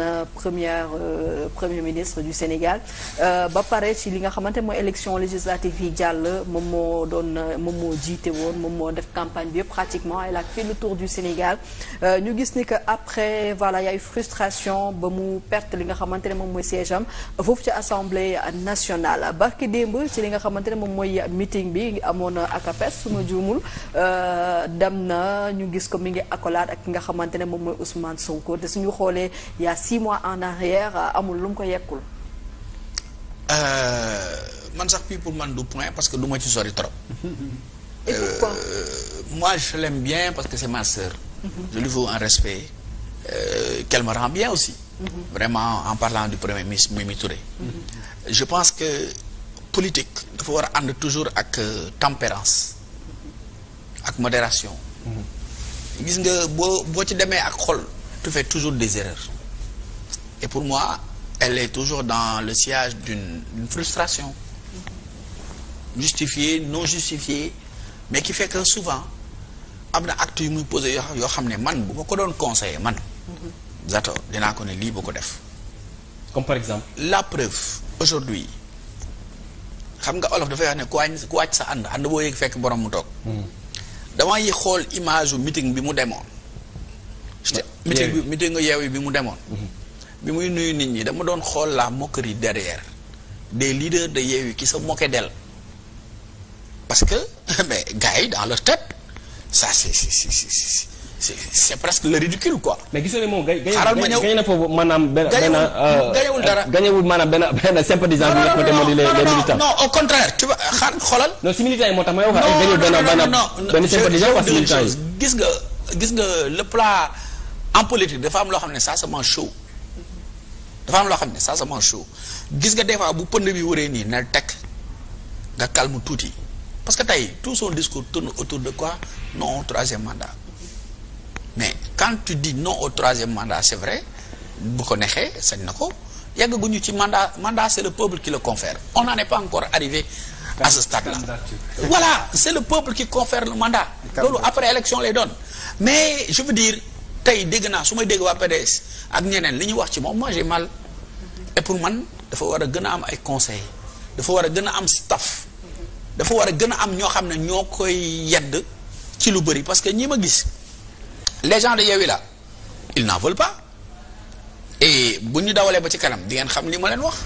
na première euh, premier ministre du Sénégal euh, ba pare ci li nga xamante mooy élection législative yi jàll moom moo doon moom moo jiite woon moom moo def campagne bi yëpp pratiquement elle a fait le tour du Sénégal euh, ñu gis ni que après voilà y a frustration ba mu perte li nga xamante ne moom mooy siège am foofu ci assemblée nationale barki démb ci li nga xamante ne moom mooy meeting bi amoon ak APES su ma juumul dem na ñu gis ko mi ngi accolade ak ki nga xamant ne moom mooy six mois en arrière amul lu mu ko yekkul. Euh, man sax bii pour man du point parce que du moo ci sori trop. et pourquoi euh, moi je l'aime bien parce que c'est ma sœur. Mhm. je lui faut un respect euh, qu'elle me rend bien aussi. Mhm. vraiment en parlant du premier ministre Mimi Touré. Mm je pense que politique dafa war a ànd toujours ak euh, tempérance ak modération. Mhm. gis nga boo boo ci demee ak xol tu fais toujours des erreurs. pour moi elle est toujours dans le sillage d'une frustration justifiée non justifiée mais ki fekk que souvent am na acte yu muy posé yoo xam ne man bu ma ko doon conseillé man mm-hmm. Zato dinaa ko ne lii bu ko def comme par exemple la preuve aujourd'hui xam nga olof dafay wax ne ku wàññi ku wàcc sa ànd ànd boo yëg fekk borom mu toog mm. dama xool image u meeting bi mu demoon meeting bi meeting yeew yi bi mu demoon bi muy nuyu nit ñi dama doon xool la moquerie derrière des leaders de Yewwi qui se moquaient d'elle parce que mais gars yi dans leur tête ça c'est c'est c'est c'est c'est presque le ridicule quoi. mais gis nga ne moom gay gay na foofu maanaam benn benn. gañewul euh, dara euh, gañewul maanaam benn benn sympathisant bi nga xamante moo di les les militants. non au contraire tu vois xaar xoolal. non si militants yi moo tax ma yow. non non non benn sympathisant wala militants yi. gis nga gis nga le plat en politique dafa am loo xam ne ça se mange chaud. dafa am loo xam ne sa c'est mon show nga des fois bu pënd bi wëree nii na teg nga calme tuuti parce que tey tout son discours tourne autour de quoi non au troisième mandat mais quand tu dis non au troisième mandat c'est vrai bu ko neexee sañ na ko yàggaguñu ci mandat mandat c'est le peuple qui le confère on na est pas encore arrivé à ce stade là voilà c'est le peuple qui confère le mandat loolu après élection lay doon mais je veux dire tey dégg naa su may dégg waa PDS ak ñeneen li ñuy wax ci moom moi mal et pour man dafa war a gën a am ay conseil dafa war a gën a am staff dafa war a gën a am ñoo xam ne ñoo koy yedd ci lu bëri parce que ñi ma gis les gens de Yewwi la ils n'en veulent pas et bu ñu dawalee ba ci kanam di ngeen xam li ma leen wax